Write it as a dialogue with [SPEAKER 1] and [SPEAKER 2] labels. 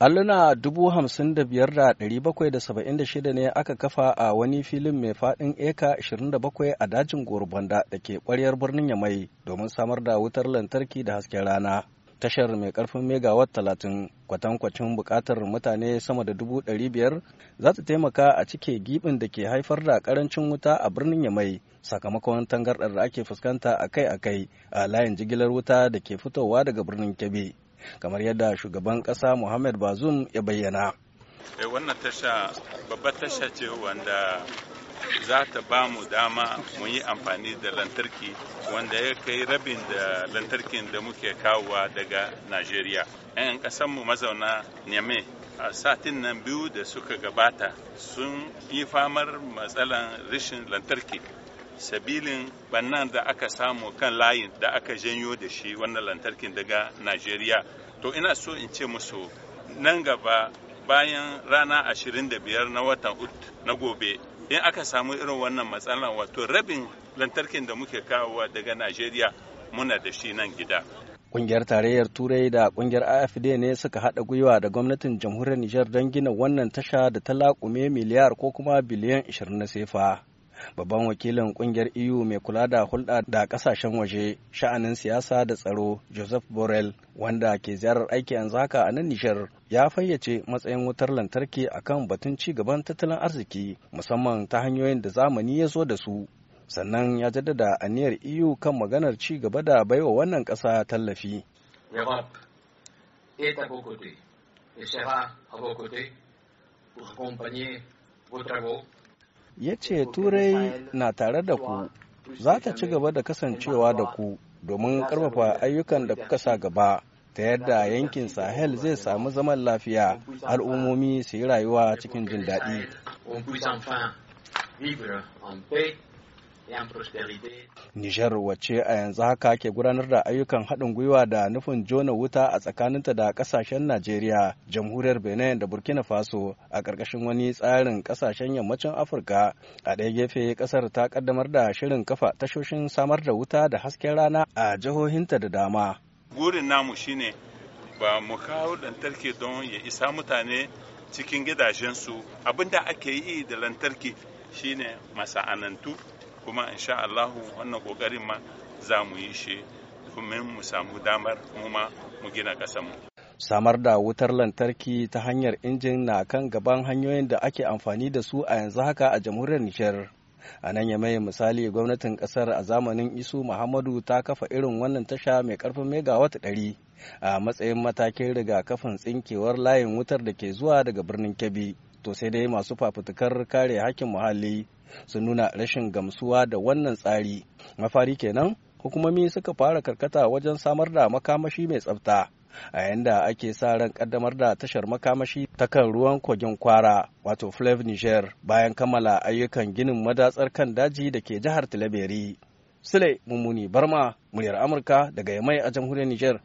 [SPEAKER 1] Alluna shida ne aka kafa a wani filin mai faɗin eka ashirin da bakwai a dajin Gorbanda da ke ƙwaryar birnin Yamai domin samar da wutar lantarki da hasken rana. Tashar mai ƙarfin megawatt talatin, kwatankwacin buƙatar mutane sama da dubu biyar za ta taimaka a cike gibin da ke haifar da ƙarancin wuta a birnin Yamai sakamakon tangarɗar da ake fuskanta akai-akai a layin jigilar wuta da ke fitowa daga birnin Kebbi. kamar yadda shugaban ƙasa Muhammad Bazoum ya bayyana.
[SPEAKER 2] Eh, wannan tasha babbar tasha ce wanda za ta ba mu dama mu yi amfani da lantarki wanda ya kai rabin da lantarkin da muke kawowa daga Najeriya. 'Yan ƙasanmu mazauna neme a satin nan biyu da suka gabata sun yi famar matsalan rashin lantarki sabilin bannan da aka samu kan layin da aka janyo da shi wannan lantarkin daga najeriya to ina so in ce musu nan gaba bayan rana 25 na watan ut na gobe in aka samu irin wannan matsalan wato rabin lantarkin da muke kawowa daga najeriya muna da shi nan gida
[SPEAKER 1] kungiyar tarayyar Turai da kungiyar AFD ne suka haɗa gwiwa da gwamnatin jamhuriyar Nijar don gina wannan tasha da ta laƙume miliyar ko kuma biliyan 20 na sefa. babban wakilin kungiyar eu mai kula da hulɗa da ƙasashen waje sha'anin siyasa da tsaro joseph borrell wanda ke ziyarar aiki yanzu haka a nan nijar ya fayyace matsayin wutar lantarki akan batun ci gaban tattalin arziki musamman ta hanyoyin da zamani ya zo da su sannan ya jaddada aniyar eu kan maganar ci gaba da baiwa wannan ƙasa tallafi et sera à vos côtés pour accompagner vos travaux ya ce turai na tare da ku za ta ci gaba da kasancewa da ku domin karfafa ayyukan da kuka sa gaba ta yadda yankin sahel zai samu zaman lafiya al'ummomi su yi rayuwa cikin jin daɗi Nijar wacce a yanzu haka ke gudanar da ayyukan haɗin gwiwa da nufin jona wuta a tsakaninta da ƙasashen Najeriya, jamhuriyar Benin da Burkina Faso a ƙarƙashin wani tsarin ƙasashen yammacin Afirka. A ɗaya gefe ƙasar ta ƙaddamar da shirin kafa tashoshin samar da wuta da hasken rana a jihohinta da dama.
[SPEAKER 2] Gurin namu shine ba mu kawo lantarki don ya isa mutane cikin gidajensu abinda ake yi da lantarki shine masa'anantu. kuma insha Allahu wannan kokarin ma za mu yi shi domin mu samu damar kuma mu gina mu.
[SPEAKER 1] samar da wutar lantarki ta hanyar injin na kan gaban hanyoyin da ake amfani da su a yanzu haka a jamhuriyar Nijar. a nan ya misali gwamnatin kasar a zamanin isu muhammadu ta kafa irin wannan tasha mai karfin megawatt ɗari a matsayin matakin rigakafin tsinkewar layin wutar da ke zuwa daga birnin kebbi to sai dai masu fafutukar kare hakkin muhalli su nuna rashin gamsuwa da wannan tsari mafari kenan hukumomi suka fara karkata wajen samar da makamashi mai tsafta a yanda ake sa ran kaddamar da tashar makamashi ta kan ruwan kogin kwara wato flav niger bayan kammala ayyukan ginin madatsar kan daji da ke jihar tilaberi sule mummuni barma muryar amurka daga yamai a jamhuriyar niger